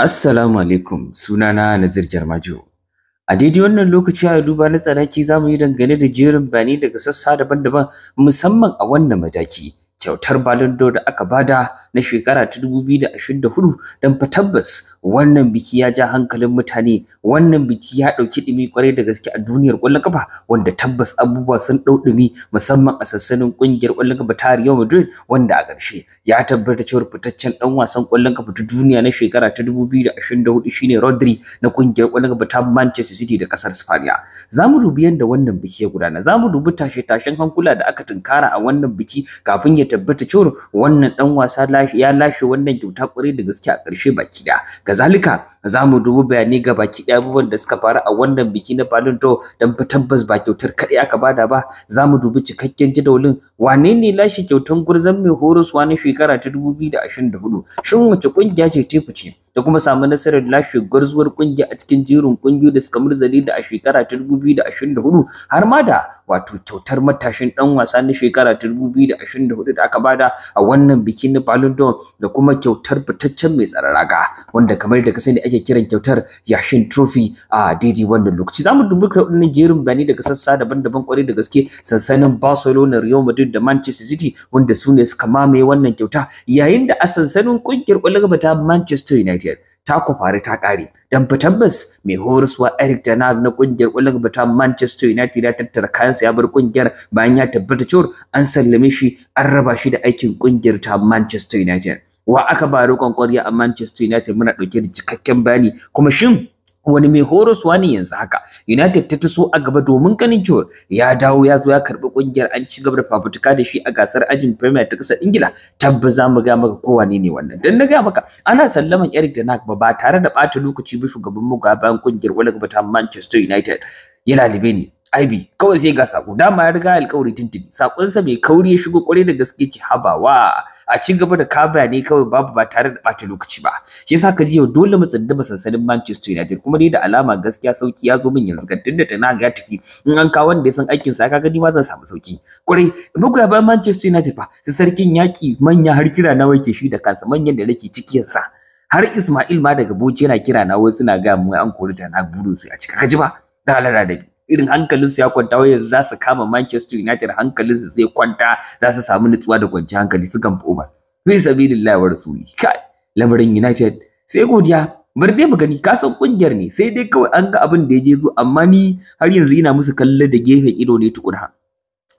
Assalamu alaikum sunana Nazir Jarmajo. A daidai wannan lokaci a duba na tsanaki za mu yi dangane da jerin bani daga sassa daban-daban musamman a wannan mataki kyautar balindo da aka bada na shekara ta 2024 don fa tabbas wannan biki ya ja hankalin mutane wannan biki ya ɗauki ɗumi kwarai da gaske a duniyar kwallon kafa wanda tabbas abubuwa sun ɗau ɗumi, musamman a sassanin ƙungiyar kwallon kafa ta Real Madrid wanda a ƙarshe ya tabbata cewa fitaccen dan wasan kwallon kafa ta duniya na shekara ta 2024 shine Rodri na ƙungiyar kwallon kafa ta Manchester City da kasar Spaniya za mu dubi yadda wannan biki ya gudana za mu dubi tashe-tashen hankula da aka tunkara a wannan biki kafin ya tabbata cewa wannan dan wasa ya lashe wannan kyauta kwarai da gaske a ƙarshe baki ɗaya kazalika za mu dubi bayani ga baki ɗaya abubuwan da suka faru a wannan biki na Ballon d'Or dan tabbas ba kyautar kaɗai aka bada ba za mu dubi cikakken jadawalin wane ne lashe kyautar gurzon mai horoswa na shekara ta hudu? shin wace ƙungiya ce ta fice da kuma samu nasarar lashe gwarzuwar kungiya a cikin jerin kungiyoyi da suka murzali da a shekara ta 2024 har ma da wato kyautar matashin dan wasa na shekara ta 2024 da aka bada a wannan biki na Ballon d'Or da kuma kyautar fitaccen mai tsararraga wanda kamar da ka sani ake kiran kyautar Yashin Trophy a daidai wannan lokaci zamu dubi kudin jerin bayani daga sassa daban-daban kwarai da gaske sansanin Barcelona Real Madrid da Manchester City wanda su ne suka mamaye wannan kyauta yayin da a sansanin kungiyar kwallon ta Manchester United United ta kwafari ta ƙare don tabbas mai horaswa Eric Ten Hag na ƙungiyar ƙwallon bata Manchester United ya tattara kayansa ya bar ƙungiyar bayan ya tabbata cewa an sallame shi an raba shi da aikin ƙungiyar ta Manchester United wa aka ba roƙon ƙwarya a Manchester United muna ɗauke da cikakken bayani kuma shin wani mai horus ne yanzu haka united ta taso a gaba domin ganin cewa ya dawo ya zo ya karbi kungiyar an ci gaba da fafutuka da shi a gasar ajin premier ta kasar ingila tabba za mu ga maka kowa ne ne wannan dan na ga maka ana sallaman eric da nak ba tare da bata lokaci ba shugaban mu bayan kungiyar wani gaba ta manchester united ya lalibe ne IB kawai sai ga sako dama ya riga alƙawari sakon sakonsa mai kauri ya shigo kwarai da gaske ci habawa a ci gaba da kabra ne kawai babu ba tare da ɓata lokaci ba shi yasa ka ji yau dole mu ba sansanin Manchester United kuma dai da alama gaskiya sauki ya zo min yanzu ga tunda ta na ga tafi in an kawo wanda ya san aikin sa kaga ni ma zan samu sauki kwarai bugu ba Manchester United fa su sarkin yaki manya har kira na wake shi da kansa manyan da nake cikin sa har Ismail ma daga Bauchi yana kira na wasu suna ga mu an kori ta na gudu su a cika kaji ba da da bi irin hankalinsu ya kwanta wai yanzu za su kama Manchester United hankalinsu zai kwanta za su samu nutsuwa da kwanci hankali su kan Umar fi sabilillahi wa rasuli kai lamarin United sai godiya bar dai mu gani kasan san kungiyar ne sai dai kawai an ga abin da ya je zo amma ni har yanzu yana musu kallo da gefen ido ne tukuna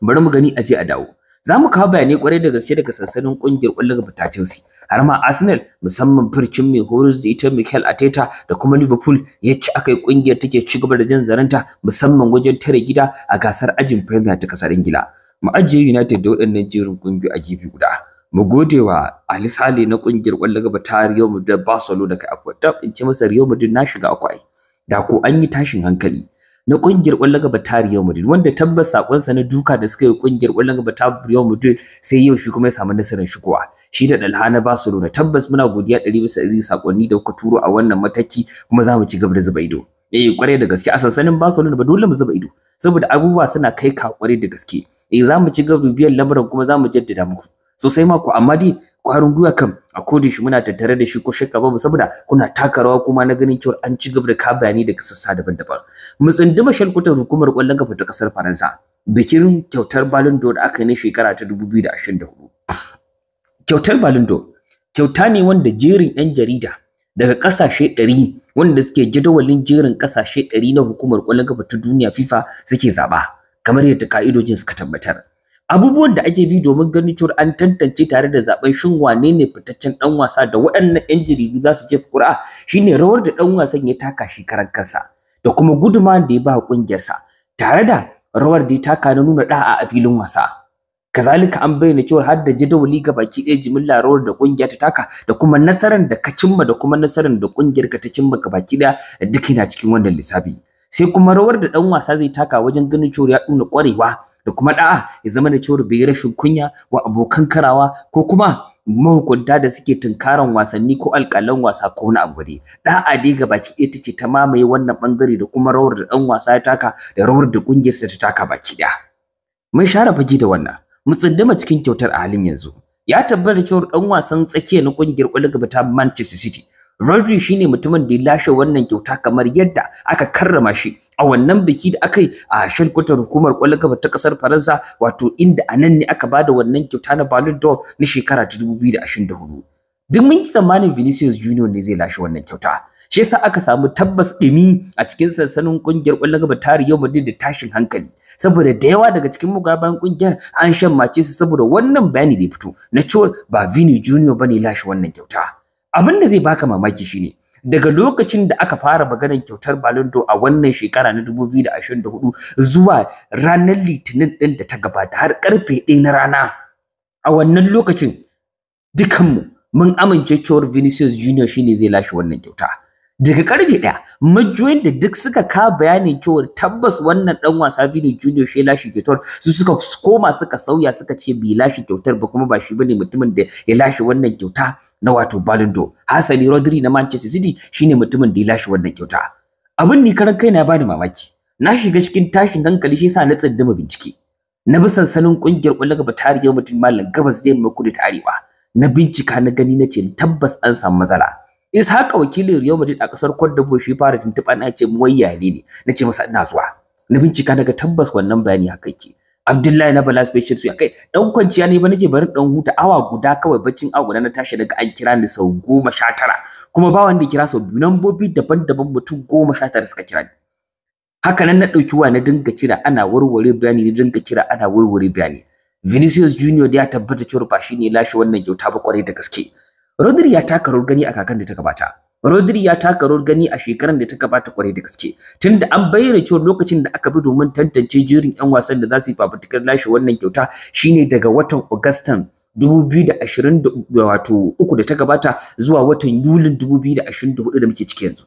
bari mu gani a je a dawo za mu kawo bayanai kwarai da gaske daga sansanin kungiyar kwallon gaba ta Chelsea har ma Arsenal musamman furcin mai horis da ita Mikel Arteta da kuma Liverpool yacce aka yi kungiyar take ci gaba da jan zaranta musamman wajen tare gida a gasar ajin Premier ta kasar Ingila mu ajiye United da waɗannan jerin kungiyoyi a gefe guda mu gode wa Ali Sale na kungiyar kwallon gaba ta Real Madrid Barcelona kai akwai tab in ce masa Real Madrid na shiga akwai da ko an yi tashin hankali na kungiyar ƙwallon gaba ta Real Madrid wanda tabbas sa na duka da suka yi kungiyar kwallon gaba ta Real Madrid sai yau shi kuma ya samu nasarar shigowa shi da Dalha na Barcelona tabbas muna godiya 100 bisa 100 sakonni da kuka turo a wannan mataki kuma za mu ci gaba da zuba ido eh kware da gaske a sansanin Barcelona ba dole mu zuba ido saboda abubuwa suna kai ka kwarai da gaske eh za mu ci gaba biyan lamarin kuma za mu jaddada muku sosai mako amma dai kwarin gwiwa kam a kodin shi muna tattare da shi ko shakka babu saboda kuna taka rawa kuma na ganin cewa an ci gaba da ka daga sassa daban-daban mu tsinduma shalkutar hukumar kwallon kafa ta kasar faransa bikin kyautar Ballon d'Or da aka yi na shekara ta 2024 kyautar Ballon d'Or kyauta ne wanda jerin 'yan jarida daga kasashe 100 wanda suke jadawalin jerin kasashe 100 na hukumar kwallon kafa ta duniya FIFA suke zaba kamar yadda ka'idojin suka tabbatar abubuwan da ake bi domin ganin cewar an tantance tare da zaben shin wane ne fitaccen dan wasa da waɗannan 'yan jaridu za su jefa ƙuri'a shine rawar da dan wasan ya taka shi karan kansa da kuma guduma da ya ba sa tare da rawar da ya taka na nuna da'a a filin wasa kazalika an bayyana cewa har da jadawali ga baki ɗaya jimilla rawar da kungiya ta taka da kuma nasarar da ka cimma da kuma nasarar da kungiyar ka ta cimma ga baki ɗaya duk yana cikin wannan lissafi sai kuma rawar da dan wasa zai taka wajen ganin cewa ya nuna kwarewa da kuma da'a ya zama da cewa bai rashin kunya wa abokan karawa ko kuma mahukunta da suke tunkaran wasanni ko alƙalan wasa ko wani abu dai da'a dai ga baki ɗaya take ta mamaye wannan bangare da kuma rawar da dan wasa ya taka da rawar da ƙungiyarsa ta taka baki ɗaya mun share fage da wannan mu tsindima cikin kyautar a halin yanzu ya tabbata cewa ɗan wasan tsakiya na ƙungiyar ƙwallon gaba ta Manchester City Rodri shine mutumin da ya lashe wannan kyauta kamar yadda aka karrama shi a wannan biki da aka yi a shalkwatar hukumar ƙwallon kafa ta ƙasar Faransa wato inda a nan ne aka bada wannan kyauta na Ballon d'Or na shekara ta 2024. Duk mun ki tsammanin Vinicius Junior ne zai lashe wannan kyauta. Shi yasa aka samu tabbas ɗumi a cikin sansanin ƙungiyar ƙwallon gaba ta Real Madrid da tashin hankali. Saboda da yawa daga cikin mugabayan ƙungiyar an shan mace su saboda wannan bayani da ya fito na cewa ba Vini Junior bane lashe wannan kyauta. abin da zai baka mamaki shine daga lokacin da aka fara maganar kyautar Ballon d'Or a wannan shekara na 2024 zuwa ranar Litinin din da ta gabata har karfe 1 na rana a wannan lokacin dukanmu mun amince cewar Vinicius Junior shine zai lashe wannan kyauta daga karfe ɗaya majiyoyin da duk suka ka bayanin cewa tabbas wannan dan wasa Vini Junior shi lashe kyautar su suka koma suka sauya suka ce bi lashe kyautar ba kuma ba shi bane mutumin da ya lashe wannan kyauta na wato Ballon d'Or Hasani Rodri na Manchester City shine mutumin da ya lashe wannan kyauta abin ni karan kai na bani mamaki na shiga cikin tashin hankali shi yasa na tsindima bincike na bi sansanin kungiyar kwallon gaba tarihiyar mutum mallam gabas zai mai kudu ta arewa na bincika na gani na ce tabbas an samu matsala Ishaq wakilin Real Madrid a kasar Cote d'Ivoire shi fara tuntuɓa na ce wayya ne ne ce masa ina zuwa na bincika daga tabbas wannan bayani haka yake Abdullahi na Bala Special su kai dan kwanciya ne ba nace bari dan huta awa guda kawai baccin awa guda na tashi daga an kira ni sau goma sha tara kuma ba wanda kira sau biyu nambobi daban-daban mutum goma sha tara suka kira ni haka nan na ɗauki wa na dinga kira ana warware bayani na dinga kira ana warware bayani Vinicius Junior da ya tabbata cewa ba shine lashe wannan kyauta ba kwarai da gaske Rodri ya taka rawar gani a kakan da ta gabata. Rodri ya taka rawar gani a shekaran da ta gabata kwarai da gaske. Tunda an bayyana cewa lokacin da aka bi domin tantance jerin ƴan wasan da za su yi fafutukar lashe wannan kyauta shine daga watan Augustan 2023 da ta gabata zuwa watan Yulin 2024 da muke ciki yanzu.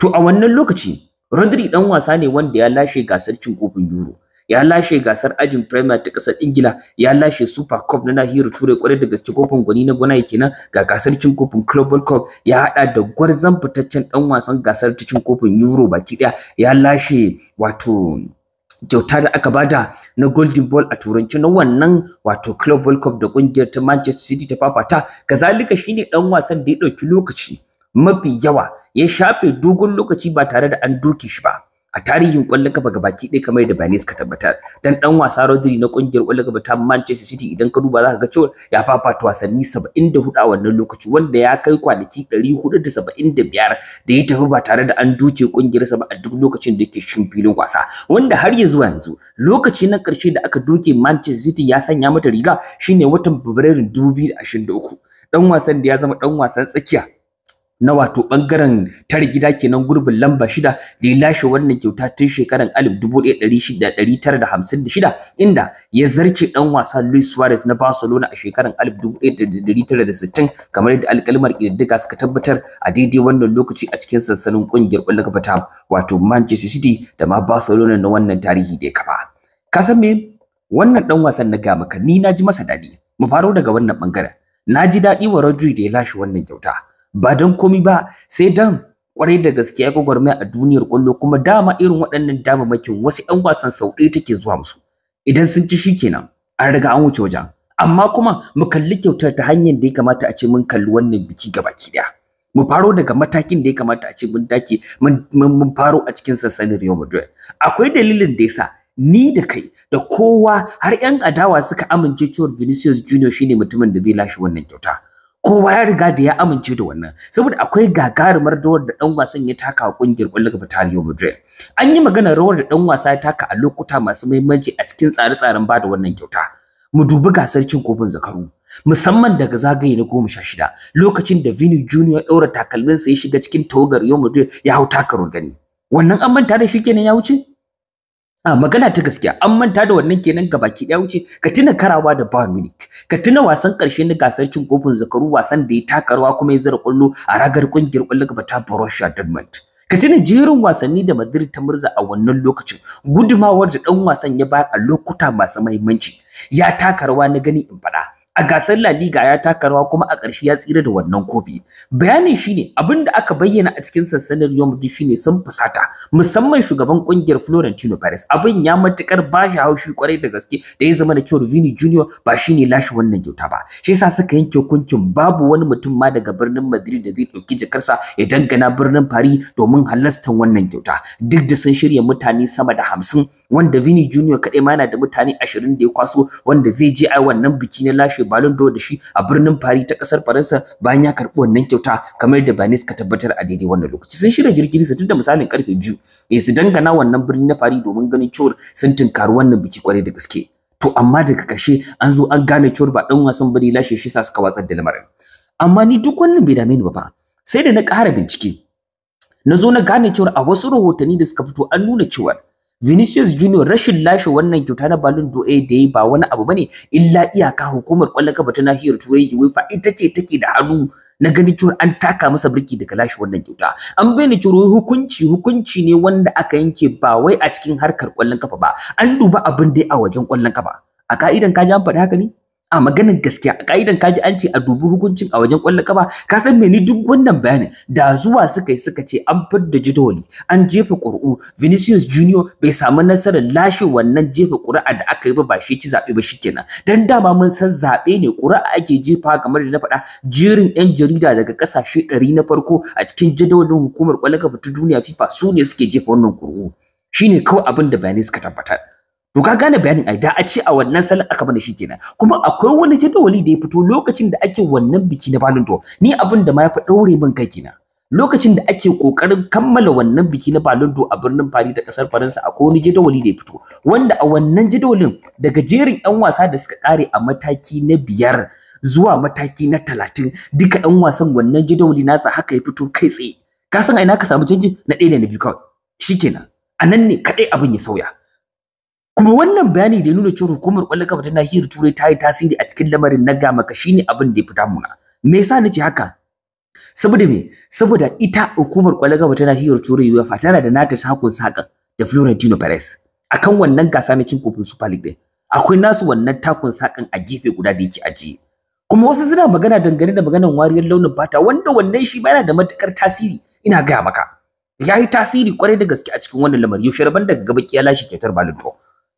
To a wannan lokaci Rodri dan wasa ne wanda ya lashe gasar cin kofin Euro. ya lashe gasar ajin Premier ta ƙasar Ingila, ya lashe Super Cup na nahiyar Turai kwarai da gaske kofin gwani na gwanaye kenan ga gasar cin kofin Global Cup, ya haɗa da gwarzan fitaccen ɗan wasan gasar ta cin kofin Euro baki ɗaya, ya lashe wato kyauta da aka bada na golden ball a turanci na wannan wato club world cup da kungiyar ta manchester city ta fafata kazalika shine ɗan wasan da ya ɗauki lokaci mafi yawa ya shafe dogon lokaci ba tare da an doke shi ba a tarihin ƙwallon kafa gabaki ɗaya kamar da Banis ka tabbatar dan ɗan wasa Rodri na ƙungiyar ƙwallon kafa ta Manchester City idan ka duba zaka ga cewa ya fafata wasanni 74 a wannan lokaci wanda ya kai kwanaki 475 da ya tafi ba tare da an duke ƙungiyarsa ba a duk lokacin da yake shin filin wasa wanda har ya zuwa yanzu lokaci na ƙarshe da aka duke Manchester City ya sanya mata riga shine watan fabrairu 2023 ɗan wasan da ya zama ɗan wasan tsakiya na wato bangaren tar gida kenan gurbin lamba shida da ya lashe wannan kyauta tun shekaran 1956 inda ya zarce dan wasa Luis Suarez na Barcelona a shekaran 1960 kamar yadda alƙalmar kididdiga suka tabbatar a daidai wannan lokaci a cikin sansanin kungiyar ƙwallon kafa ta wato Manchester City da ma Barcelona na wannan tarihi da ya kafa ka san me wannan dan wasan na ga maka ni na ji masa daɗi, mu faro daga wannan bangaren na ji daɗi wa Rodri da ya lashe wannan kyauta ba don komi ba sai dan kwarai da gaskiya gwagwarmaya a duniyar kwallo kuma dama irin waɗannan damamakin wasu 'yan wasan sau ɗaya take zuwa musu idan sun ci shikenan an riga an wuce wajen amma kuma mu kalli kyautar ta hanyar da ya kamata a ce mun kalli wannan biki gabaki ɗaya mu faro daga matakin da ya kamata a ce mun dake mun faro a cikin sansanin Real Madrid akwai dalilin da yasa ni da kai da kowa har 'yan adawa suka amince cewar Vinicius Junior shine mutumin da zai lashe wannan kyauta kowa ya riga da ya amince da wannan saboda akwai gagarumar rawar da dan wasan ya taka a kungiyar kwallo gaba ta Madrid an yi magana rawar da dan wasa ya taka a lokuta masu muhimmanci a cikin tsare-tsaren bada wannan kyauta mu dubi gasar cin kofin zakaru musamman daga zagaye na goma sha shida lokacin da Vini Junior ya ɗaura takalminsa ya shiga cikin tawagar Real Madrid ya hau taka gani wannan an manta da shi kenan ya wuce a magana ta gaskiya an manta da wannan kenan ga baki daya wuce ka tuna karawa da Bayern Munich ka tuna wasan karshe na gasar cin kofin zakaru wasan da ya taka rawa kuma ya zira kullu a ragar kungiyar kwallo gaba ta Borussia Dortmund ka tuna jerin wasanni da Madrid ta murza a wannan lokacin gudumawar da dan wasan ya bayar a lokuta masu mahimmanci, ya taka rawa na gani in faɗa a gasar La Liga ya taka rawa kuma a ƙarshe ya tsira da wannan kofi. Bayanin shine abin da aka bayyana a cikin sansanin Real Madrid shine sun fusata musamman shugaban ƙungiyar Florentino Perez abin ya matukar ba shi haushi kwarai da gaske da ya zama da cewa Vini Junior ba shine lashe wannan kyauta ba. Shi yasa suka yanke hukuncin babu wani mutum ma daga birnin Madrid da zai ɗauki jakarsa ya dangana birnin Paris domin halastan wannan kyauta. Duk da sun shirya mutane sama da hamsin wanda Vini Junior kaɗai ma yana da mutane ashirin da ya kwaso wanda zai je a wannan biki na lashe aka Ballon d'Or da shi a birnin Paris ta kasar Faransa bayan ya karbi wannan kyauta kamar da Banis ka tabbatar a daidai wannan lokaci sun shirya jirgin su tun misalin karfe biyu eh su dangana wannan birnin na Paris domin ganin cewar sun tinkaru wannan biki kwarai da gaske to amma daga karshe an zo an gane cewar ba dan wasan bane lashe shi sa suka watsar da lamarin amma ni duk wannan bai dame ni ba fa sai da na ƙara bincike na zo na gane cewar a wasu rahotanni da suka fito an nuna cewar Vinicius Junior rashin lashe wannan kyauta na Ballon d'Or eh, da yi ba wani abu bane illa iyaka hukumar kwallon kafa ta nahiyar Turai UEFA ita ce take da hannu na ganin cewa an taka masa birki daga lashe wannan kyauta an bayyana cewa hukunci hukunci ne wanda aka yanke ba wai a cikin harkar kwallon kafa ba an duba abin dai a wajen kwallon kafa a ka'idan ka ji an faɗi haka ne a maganin gaskiya a ka'idan kaji an ce a dubi hukuncin a wajen kwallon kafa ka san me ni duk wannan bayanin da zuwa suka yi suka ce an fidda jidoli an jefa ƙuri'u Vinicius Junior bai samu nasarar lashe wannan jefa ƙuri'a da aka yi ba ba shi ci zaɓe ba shikenan dan dama mun san zaɓe ne ƙuri'a ake jefa kamar da na faɗa jerin 'yan jarida daga ƙasashe ɗari na farko a cikin jadawalin hukumar kwallon kafa ta duniya FIFA su ne suke jefa wannan ƙuri'u shine kawai abin da bayanai suka tabbatar to ka gane bayanin ai da a ce a wannan salon aka bada shi kenan kuma akwai wani jadawali da ya fito lokacin da ake wannan biki na Valentine d'Or ni abin da ma ya fi daure min kai kenan lokacin da ake kokarin kammala wannan biki na Ballon d'Or a birnin Paris da kasar Faransa akwai wani jadawali da ya fito wanda a wannan jadawalin daga jerin 'yan wasa da suka kare a mataki na biyar zuwa mataki na talatin duka 'yan wasan wannan jadawali nasa haka ya fito kai tsaye ka san a ina ka samu canji na ɗaya da na biyu kawai shikenan a nan ne kaɗai abin ya sauya kuma wannan bayani da ya nuna cewa hukumar kwallon kafa ta nahiyar turai ta yi tasiri a cikin lamarin na gamaka shine abin da ya fita muna me yasa nace haka saboda me saboda ita hukumar kwallon kafa ta nahiyar turai UEFA tana da nata takun saka da Florentino Perez akan wannan gasa na cin kofin Super League din akwai nasu wannan takun sakan a gefe guda da yake ajiye kuma wasu suna magana dangane da maganar wariyar launin fata wanda wannan shi yana da matukar tasiri ina gaya maka ya yi tasiri kwarai da gaske a cikin wannan lamari yaushe rabon daga gaba ya lashe kyautar Ballon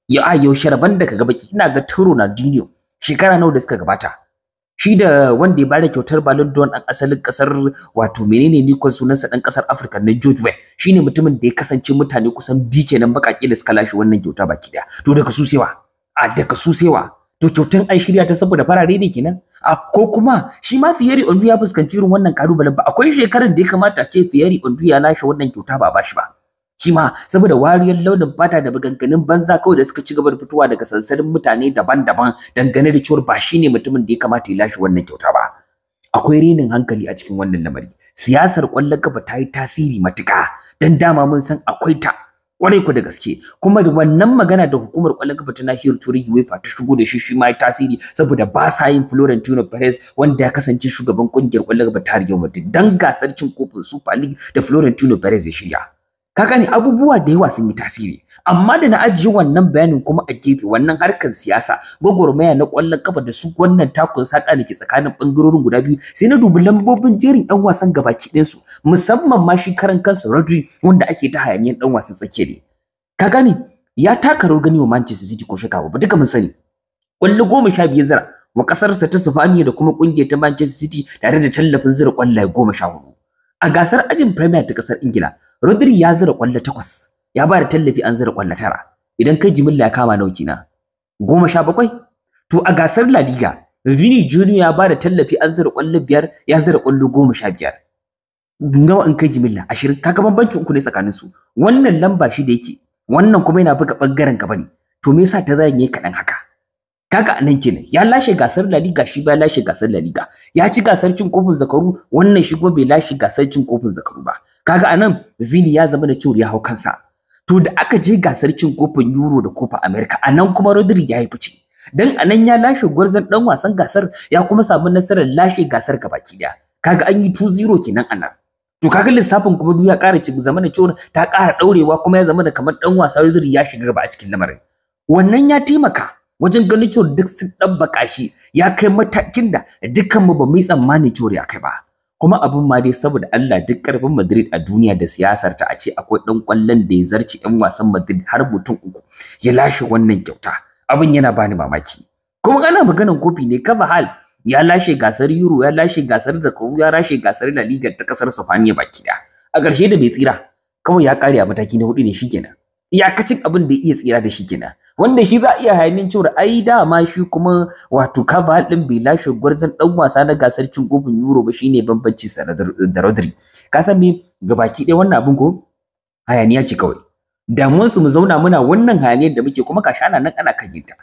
ya a yaushe rabon da kaga baki ina ga tun Ronaldinho shekara nawa da suka gabata shi da wanda ya bada kyautar Ballon d'Or an asalin kasar wato menene ni kun sa dan kasar Africa na George Weah shine mutumin da ya kasance mutane kusan bi kenan bakaki da suka lashe wannan kyauta baki daya to daga su sewa a daga su sewa to kyautan an shirya ta saboda farare ne kenan a ko kuma shi ma Thierry Ondu ya fuskanci irin wannan kalubalen ba akwai shekaran da ya kamata ce Thierry Ondu ya lashe wannan kyauta ba bashi ba shi ma saboda wariyar launin fata da maganganun banza kawai da suka ci gaba da fitowa daga sansanin mutane daban-daban dangane da cewar ba shi ne mutumin da ya kamata ya lashe wannan kyauta ba akwai renin hankali a cikin wannan lamari siyasar kwallon kafa ta yi tasiri matuƙa don dama mun san akwai ta kware ku da gaske kuma da wannan magana da hukumar kwallon kafa ta nahiyar turai UEFA ta shigo da shi shi ma tasiri saboda ba sa yin Florentino Perez wanda ya kasance shugaban ƙungiyar kwallon kafa ta Real Madrid dan gasar cin kofin Super League da Florentino Perez ya shirya kaka ne abubuwa da yawa sun yi tasiri amma da na ajiye wannan bayanin kuma a gefe wannan harkar siyasa gwagwarmaya na ƙwallon kafa da su wannan takun saka da ke tsakanin bangarorin guda biyu sai na dubi lambobin jerin 'yan wasan gabaki su musamman ma shi karan kansa Rodri wanda ake ta hayaniyar ɗan wasan tsakiya ne ka ya taka rawar gani wa Manchester City ko Shekaru, ba duka mun sani ƙwallo goma sha biyar zira wa ƙasarsa ta Sifaniya da kuma ƙungiyar ta Manchester City tare da tallafin zira ƙwallaye goma sha hudu a gasar ajin Premier ta kasar Ingila, Rodri ya zira kwallo takwas, ya ba da tallafi an zira kwallo tara. Idan kai jimilla ya kama nauki na Goma sha bakwai? To a gasar La Liga, Vini Junior ya ba da tallafi an zira kwallo biyar, ya zira kwallo goma sha biyar. Nawa in kai jimilla ashirin? Kaga bambancin uku ne tsakanin su. Wannan lamba shi da yake, wannan kuma yana buga bangaren gaba ne. To me yasa ta zanye kaɗan haka? kaga anan kenan ya lashe gasar La Liga shi ba lashe gasar La Liga ya ci gasar cin kofin zakaru wannan shi kuma bai lashe gasar cin kofin zakaru ba kaga anan Vini ya zama da cewa ya hau kansa to da aka je gasar cin kofin Euro da kofa America anan kuma Rodri ya yi fice dan anan ya lashe gwarzon dan wasan gasar ya kuma samu nasarar lashe gasar gabaki daya kaga an yi 2-0 kenan anan to kaga lissafin kuma duk ya ƙara ci zama da cewa ta ƙara daurewa kuma ya zama da kamar dan wasa Rodri ya shiga gaba a cikin lamarin wannan ya taimaka wajen ganin cewa duk sun ɗabbaka shi ya kai matakin da dukkan mu ba mu yi tsammanin cewa ya kai ba kuma abin ma dai saboda Allah duk karfin Madrid a duniya da siyasar ta a ce akwai dan kwallon da ya zarci yan wasan Madrid har mutum uku ya lashe wannan kyauta abin yana bani mamaki kuma ana maganan kofi ne hal, ya lashe gasar Euro ya lashe gasar Zakaru ya lashe gasar La Liga ta kasar Spain baki da a ƙarshe da bai tsira kawai ya kare a mataki na hudu ne shikenan iyakacin abin da ya iya tsira da shi kenan wanda shi za a iya hayanin cewa ai dama shi kuma wato kava din bai lashe gwarzon dan wasa na gasar cin kofin euro ba shine bambanci sa da Rodri ka san me gabaki dai wannan abin ko hayaniya ce kawai mun su mu zauna muna wannan hayaniyar da muke kuma kasha na nan ana kan yinta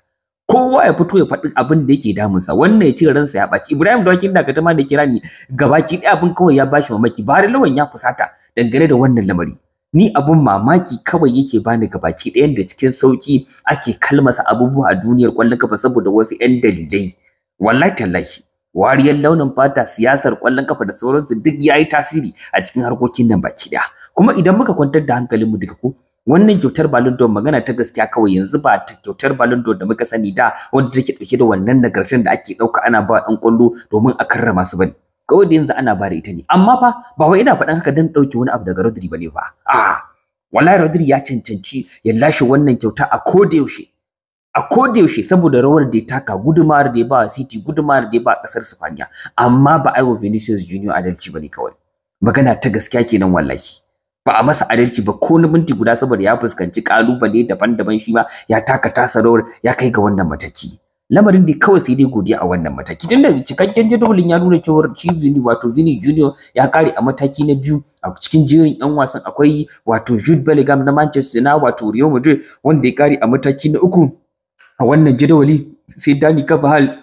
kowa ya fito ya faɗi abin da yake damunsa wannan ya ci ransa ya ɓaci ibrahim Wakin da katama da kira gabaki ɗaya abin kawai ya bashi mamaki bari lawan ya fusata dangane da wannan lamari ni abun mamaki kawai yake bani ga baki ɗaya da cikin sauki ake kalmasa abubuwa a duniyar ƙwallon kafa saboda wasu 'yan dalilai wallahi tallahi wariyar launin fata siyasar ƙwallon kafa da sauransu duk ya yi tasiri a cikin harkokin nan baki ɗaya kuma idan muka kwantar da hankalinmu daga ko wannan kyautar Ballon d'Or magana ta gaskiya kawai yanzu ba ta kyautar Ballon d'Or da muka sani da wanda take dauke da wannan nagartar da ake ɗauka ana ba ɗan ƙwallo domin a karrama su bane kawai da yanzu ana bada ita ne amma fa ba wai ina faɗan haka dan ɗauke wani abu daga Rodri bane ba. a wallahi Rodri ya cancanci ya lashe wannan kyauta a koda yaushe a koda yaushe saboda rawar da ya taka gudumar da ya ba City gudumar da ya ba kasar Spaniya amma ba wa Vinicius Junior adalci bane kawai magana ta gaskiya kenan wallahi ba a masa adalci ba ko na minti guda saboda ya fuskanci kalubale daban-daban shi ma ya taka tasa rawar ya kai ga wannan mataki lamarin da kawai sai dai godiya a wannan mataki tunda cikakken jadawalin ya nuna cewa Chief Vini wato Vini Junior ya kare a mataki na biyu a cikin jerin yan wasan akwai wato Jude Bellingham na Manchester na wato Real Madrid wanda ya kare a mataki na uku a wannan jadawali sai Dani Carvajal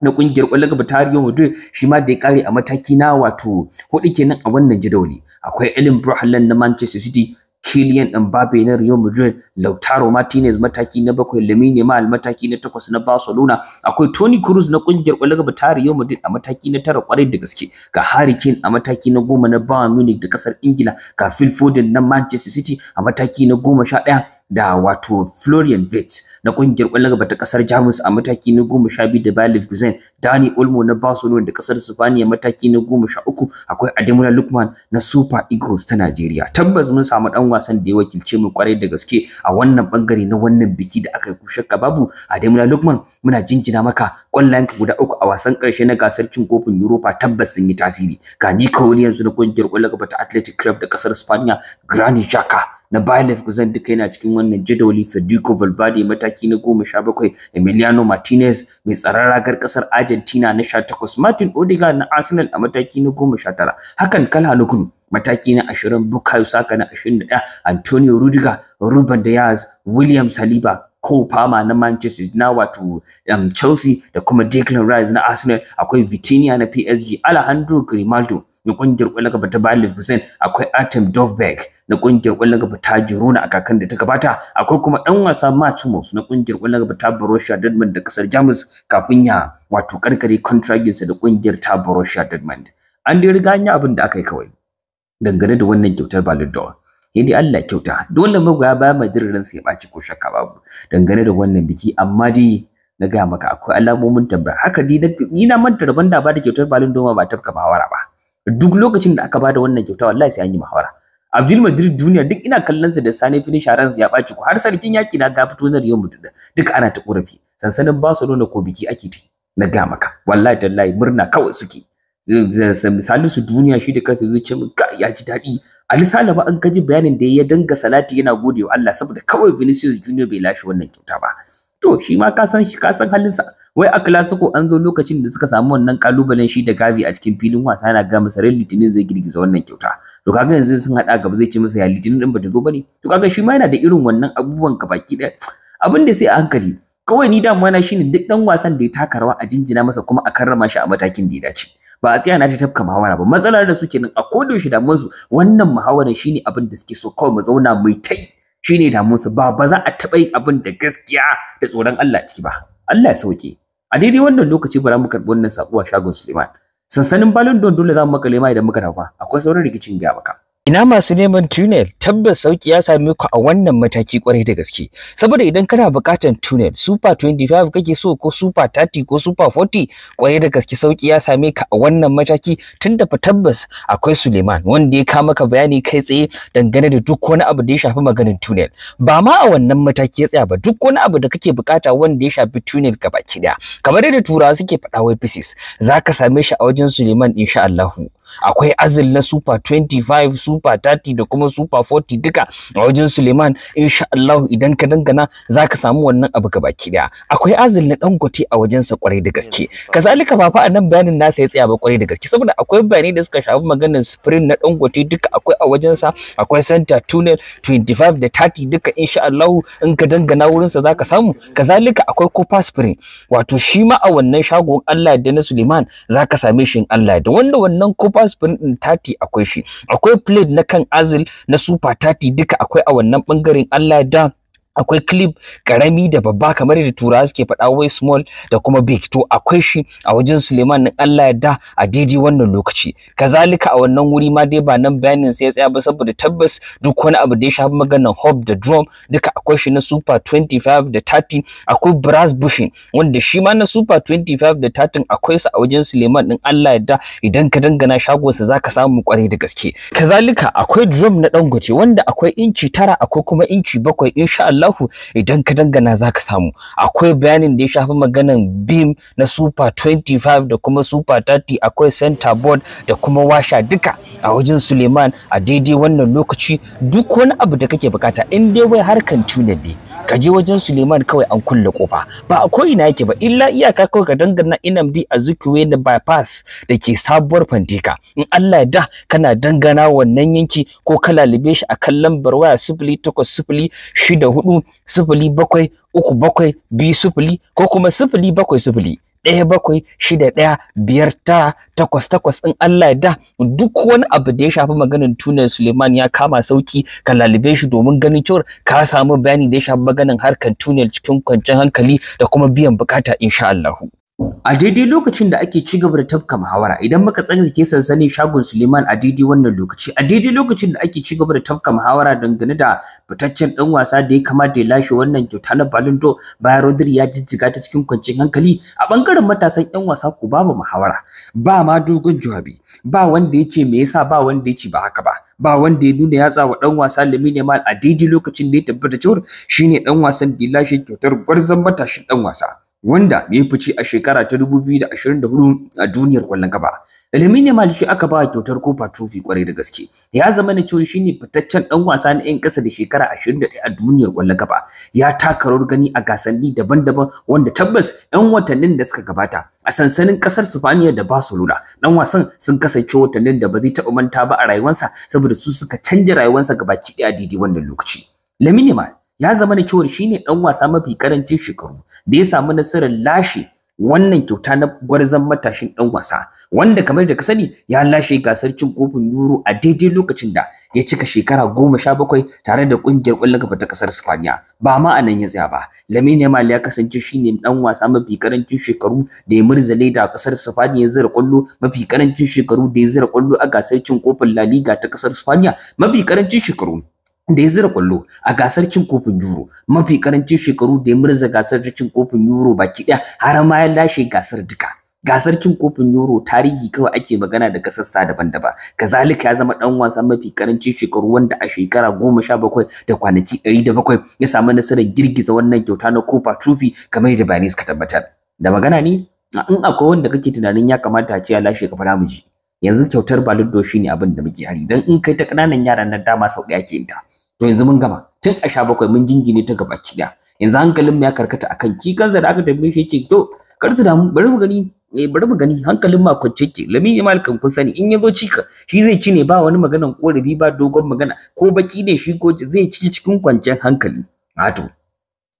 na kungiyar kwallon gaba ta Real Madrid shi ma da ya kare a mataki na wato hudu kenan a wannan jadawali akwai Ellen Brookland na Manchester City Kylian Mbappe na Real Madrid, Lautaro Martinez mataki na bakwai, Lamine Yamal mataki na takwas na Barcelona, akwai Toni Kroos na kungiyar kwallon ta Real Madrid a mataki na tara kwarai da gaske, ga Harry Kane a mataki na goma na Bayern Munich da kasar Ingila, ga Phil Foden na Manchester City a mataki na goma sha ɗaya da wato Florian Wirtz na kungiyar kwallon gaba ta kasar Jamus a mataki na biyu da Bayer Leverkusen, Dani Olmo na Barcelona da kasar Spaniya mataki na goma sha uku, akwai Ademola Lookman na Super Eagles ta Najeriya. Tabbas mun samu dan wasan da ya wakilce mu kwarai da gaske a wannan bangare na wannan biki da aka yi ka babu Ademola Lookman muna jinjina maka kwallayenka guda uku a wasan karshe na gasar cin kofin Europa tabbas sun yi tasiri. Ga Nico Williams na kungiyar kwallon gaba ta Athletic Club da kasar Spaniya Granit Xhaka na Bayelef kusan duka yana cikin wannan jadawali Federico Valverde mataki na goma sha bakwai Emiliano Martinez mai tsaron ragar ƙasar Argentina na sha takwas Martin Odegaard na Arsenal a mataki na goma sha tara hakan kudu mataki na ashirin Bukayo Saka na ashirin da ɗaya Antonio Rudiger Ruben Dias William Saliba ko fama na Manchester na wato um, Chelsea da kuma Declan Rice na Arsenal akwai Vitinha na PSG Alejandro Grimaldo na kungiyar kwallon kafa ta Bayer Leverkusen akwai Artem Dovbek na kungiyar kwallon kafa ta Girona a kakan da ta gabata akwai kuma dan wasa Matsumos na kungiyar kwallon kafa ta Borussia Dortmund da kasar Jamus kafin ya wato karkare contractinsa da kungiyar ta Borussia Dortmund an dai riga anya abin da aka yi kawai dangane da wannan kyautar Ballon d'Or sai dai Allah kyauta dole magoya baya Madrid ran sai ɓaci ko shakka babu dangane da wannan biki amma dai na ga maka akwai alamomin tabbata haka dai ni na manta rabon da ba da kyautar Ballon d'Or ba tafka ba wara ba duk lokacin da aka ba da wannan kyauta wallahi sai an yi muhawara Abdul Madrid duniya duk ina kallon sa da Sane finish Harans ya baci ku har sarkin yaki na ga fito na Real Madrid duk ana ta korafi sansanin Barcelona ko biki ake ta na ga maka wallahi tallahi murna kawai suke Salisu duniya shi da kansa zai ce ya ji daɗi Ali Sala ba an kaji bayanin da ya danga Salati yana gode wa Allah saboda kawai Vinicius Junior bai lashe wannan kyauta ba to shi ma ka san ka san halinsa wai a classico an zo lokacin da suka samu wannan kalubalen shi da Gavi a cikin filin wasa yana ga masa litinin zai girgiza wannan kyauta to kaga yanzu sun hada gaba zai ce masa ya litinin din bata zo bane to kaga shi ma yana da irin wannan abubuwan ka baki da abin da sai a hankali kawai ni da na shine duk dan wasan da ya taka rawa a jinjina masa kuma a karrama shi a matakin da ya dace ba a tsaya na ta tafka muhawara ba matsalar da suke nan a kodo shi da su wannan muhawaran shine abin da suke so kawai mu zauna mai tai shine damunsu ba ba za a taɓa yin abin da gaskiya da tsoron Allah ciki ba Allah ya sauke a daidai wannan lokaci bara mu karɓi wannan saƙo a shagon Suleiman sansanin balon don dole za mu makale ma idan muka ba, akwai sauran rikicin gaba ka Ina masu neman tunnel tabbas sauki ya same ku a wannan mataki kwarai da gaske saboda idan kana buƙatar tunnel super 25 kake so ko super 30 ko super 40 kwarai da gaske sauki ya same ka a wannan mataki tunda fa tabbas akwai Suleiman wanda ya ka maka bayani kai tsaye dangane da duk wani abu da ya shafi maganin tunnel ba ma a wannan mataki ya tsaya ba duk wani abu da kake buƙata wanda ya shafi tunnel gabaki daya kamar yadda turawa suke faɗa wai pieces zaka same shi a wajen Suleiman insha Allahu akwai azil na super 25 super 30 da kuma super 40 duka a wajen suleiman insha Allah idan ka dangana za ka samu wannan abu gaba daya akwai azil na dangote a wajensa kwarai da gaske kazalika ba fa a nan bayanin nasa ya tsaya ba kwarai da gaske saboda akwai bayanai da suka shafi maganar sprint na dangote duka akwai a wajensa akwai center tunnel 25 da 30 duka insha Allah in ka dangana wurinsa za ka samu kazalika akwai copper spring. wato shi ma a wannan shagon Allah da na suleiman za ka same shi in Allah da wanda wannan copper. Osborne din tati akwai shi akwai plate na kan Azil na Super tati duka akwai a wannan bangaren Allah da akwai clip karami da babba kamar da turawa suke faɗa wai small da kuma big to akwai shi a wajen Suleiman din Allah ya da a daidai wannan lokaci kazalika a wannan wuri ma dai ba nan bayanin sai ya tsaya ba saboda tabbas duk wani abu da ya shafi maganar hop da drum duka akwai shi na super 25 da 30 akwai brass bushing wanda shi ma na super 25 da 30 akwai su a wajen Suleiman din Allah ya da idan ka dangana shagonsa za ka samu kwarai da gaske kazalika akwai drum na dangote wanda akwai inci tara akwai kuma inci bakwai insha Allah Allahu idan ka dangana zaka samu akwai bayanin da ya shafi maganan beam na Super 25 da kuma Super 30 akwai center board da kuma washa duka a wajen Suleiman a daidai wannan lokaci duk wani abu da kake bukata in dai wai harkan tuna ne ka je wajen Suleiman kawai an kulle kofa ba a ko'ina yake ba illa iyaka kawai ka dangana inamdi a Zukuwe na bypass da ke sabuwar fantika in Allah ya da kana dangana wannan yanki ko ka lalube shi a kan lambar waya sifili takwas shida hudu sifili bakwai uku bakwai biyu ko kuma sifili bakwai ɗaya bakwai shida ɗaya biyar tara takwas takwas in Allah ya da duk wani abu da ya shafi maganin tunan Suleiman ya kama sauki ka lalube shi domin ganin cewar ka samu bayani da ya shafi maganin harkar tunel cikin kwanciyar hankali da kuma biyan bukata insha Allahu. A daidai lokacin da ake ci gaba da tafka muhawara idan muka tsallake sansanin shagon Suleiman a daidai wannan lokaci a daidai lokacin da ake ci gaba da tafka muhawara dangane da fitaccen dan wasa da ya kamata ya lashe wannan kyauta na Ballon d'Or bayan Rodri ya jijjiga ta cikin kwanciyar hankali a bangaren matasan yan wasa ko babu muhawara ba ma dogon jawabi ba wanda ya ce me yasa ba wanda ya ce ba haka ba ba wanda ya nuna yatsa wa dan wasa Lamine Yamal a daidai lokacin da ya tabbata cewa shine dan wasan da ya lashe kyautar gwarzon matashin dan wasa wanda ya yi fice a shekara ta 2024 a duniyar kwallon kafa. Lamine Yamal shi aka ba kyautar kofa tufi kwarai da gaske. Ya zama na cewa ne fitaccen dan wasa na 'yan ƙasa da shekara 21 a duniyar kwallon kafa. Ya taka rawar gani a gasanni daban-daban wanda tabbas 'yan watannin da suka gabata a sansanin ƙasar Spaniya da Barcelona. Dan wasan sun kasance watannin da ba zai taɓa manta ba a rayuwarsa saboda su suka canja rayuwarsa gabaki ɗaya daidai wannan lokaci. Lamine Yamal ya zama na cewa shine dan wasa mafi karancin shekaru da ya samu nasarar lashe wannan kyauta na gwarzon matashin dan wasa wanda kamar da ka sani ya lashe gasar cin kofin Euro a daidai lokacin da ya cika shekara goma sha bakwai tare da kungiyar ƙwallon kafa ta ƙasar Spaniya ba ma a nan ya tsaya ba Lamine Yamal ya kasance shine dan wasa mafi karancin shekaru da ya murzale da kasar Spaniya ya zira ƙwallo mafi karancin shekaru da ya zira ƙwallo a gasar cin kofin La Liga ta kasar Spaniya mafi karancin shekaru da ya zira kwallo a gasar cin kofin Euro mafi karancin shekaru da ya murza gasar cin kofin Euro baki daya har ma ya lashe gasar duka gasar cin kofin Euro tarihi kawai ake magana da kasassa daban-daban kazalika ya zama dan wasa mafi karancin shekaru wanda a shekara goma sha bakwai da kwanaki ɗari da bakwai ya samu nasarar girgiza wannan kyauta na Copa Trophy kamar da bayanai suka tabbatar da magana ne in akwai wanda kake tunanin ya kamata a ce ya lashe fara miji? yanzu kyautar baluddo shine abin da muke hari dan in kai ta kananan yara na dama sau ɗaya ke ta to yanzu mun gama tun a sha bakwai mun jingine ta gaba kiɗa yanzu hankalin mu ya karkata akan ki kansa da aka tambaye shi yake to kar su damu bari mu gani eh bari mu gani hankalin ma kwance yake lamin ya malikan kun sani in yazo cika shi zai ci ne ba wani maganan korafi ba dogon magana ko baki ne shi ko zai ci cikin kwancen hankali wato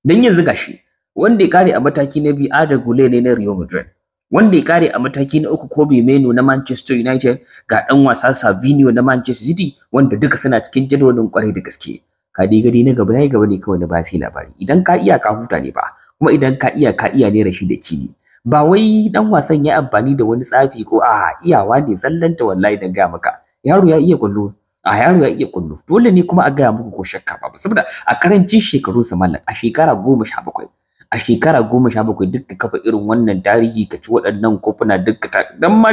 dan yanzu gashi wanda ya kare a mataki na biyu Ada Gule ne na Real Madrid wanda ya kare a mataki na uku Kobe Meno na Manchester United ga dan wasa Savinio na Manchester City wanda duka suna cikin jadawalin kwarai da gaske ka dai gari na gaba yayi gaba ne kawai na ba sai labari idan ka iya ka huta ne ba kuma idan ka iya ka iya ne rashi da kini ba wai dan wasan ya amfani da wani tsafi ko a iyawa ne zallanta wallahi dan ga maka yaro ya iya kullu a yaro ya iya kullu dole ne kuma a gaya muku ko shakka ba saboda a karancin shekaru samalla a shekara goma sha bakwai a shekara goma sha bakwai duk ka kafa irin wannan tarihi ka ci waɗannan kofuna duk ka dan ma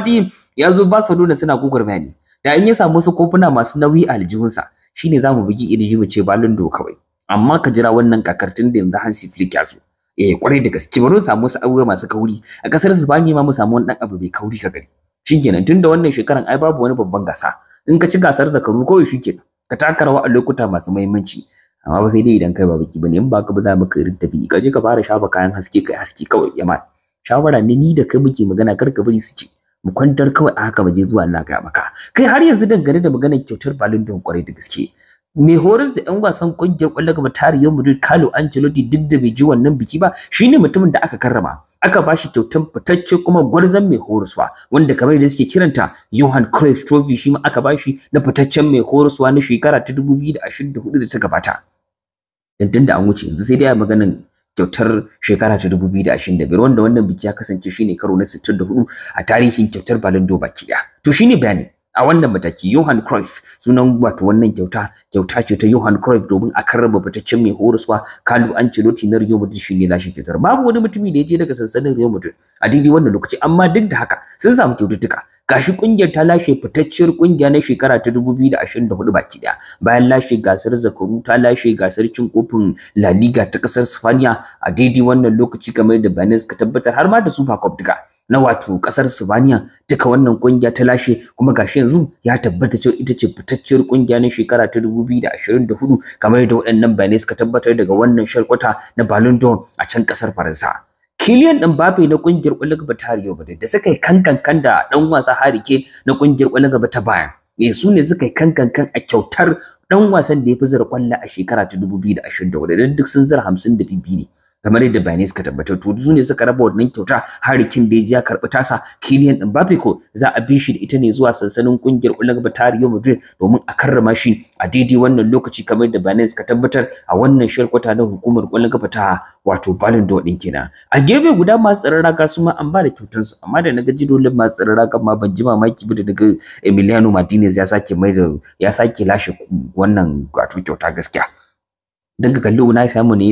ya zo Barcelona suna gugur ne da in ya samu su kofuna masu nauyi a aljihunsa shine zamu bugi irji mu ce balon do kawai amma ka jira wannan kakar tun da yanzu Hansi Flick ya zo eh kwarai da gaske bari samu wasu abubuwa masu kauri a kasar Spain ma mu samu wani dan abu bai kauri ka gari kenan tun da wannan shekaran ai babu wani babban gasa in ka ci gasar zakaru kawai shikenan ka taka rawa a lokuta masu muhimmanci amma ba sai dai idan kai ba baki bane in ba ka ba za maka irin tafi ka je ka fara shafa kayan haske kai haske kawai ya ma shawara ne ni da kai muke magana kar ka bari su ce mu kwantar kawai a haka baje zuwa Allah ga maka kai har yanzu dangane da maganar kyautar Ballon don kwarai da gaske me horis da yan wasan kungiyar kwallon gaba tariyar Madrid Carlo Ancelotti duk da bai ji wannan biki ba shine mutumin da aka karrama aka bashi kyautar fitacce kuma gwarzon mai horaswa, wanda kamar da suke kiranta Johan Cruyff Trophy shi ma aka bashi na fitaccen mai horaswa na shekara ta 2024 da ta gabata dan tunda an wuce yanzu sai dai a maganan kyautar shekara ta 2025 wanda wannan biki ya kasance shine karo na da hudu a tarihin kyautar Balon d'Or baki to shine bayani a wannan mataki Johan Cruyff sunan wato wannan kyauta kyauta ce ta Johan Cruyff domin a karraba fitaccen mai horaswa Carlo Ancelotti na Real Madrid shine lashe kyautar babu wani mutumi da ya je daga sansanin Real Madrid a daidai wannan lokaci amma duk da haka sun samu kyaututtuka gashi kungiyar ta lashe fitacciyar kungiya na shekara ta 2024 baki daya bayan lashe gasar zakaru ta lashe gasar cin kofin La Liga ta kasar Spain a daidai wannan lokaci kamar da Binance ka tabbatar har ma da Super Cup duka na wato kasar Sifaniya duka wannan kungiya ta lashe kuma gashi yanzu ya tabbata cewa ita ce fitacciyar kungiya na shekara ta 2024 kamar da waɗannan bayanai suka tabbatar daga wannan sharkwata na Ballon d'Or a can kasar Faransa Kylian Mbappe na kungiyar ƙwallon gaba ta Real Madrid da suka yi kankan da dan wasa Harry Kane na kungiyar ƙwallon gaba ta Bayern eh su ne suka kankan a kyautar dan wasan da ya fi zira a shekara ta 2024 da duk sun zira 52 kamar yadda bayanai suka tabbatar to su ne suka raba wannan kyauta harikin da ya karɓi tasa Kylian Mbappe ko za a bi shi da ita ne zuwa sansanin kungiyar Ulagba ta Real Madrid domin a karrama shi a daidai wannan lokaci kamar yadda bayanai suka tabbatar a wannan shirkwata na hukumar Ulagba ta wato Ballon d'Or din kenan a gefe guda masu tsaron raga su ma an ba da kyautar su amma da naga jidolin masu tsaron raga ma ban ji mamaki ba da naga Emiliano Martinez ya sake mai da ya sake lashe wannan wato kyauta gaskiya dan ga kallo na samu ne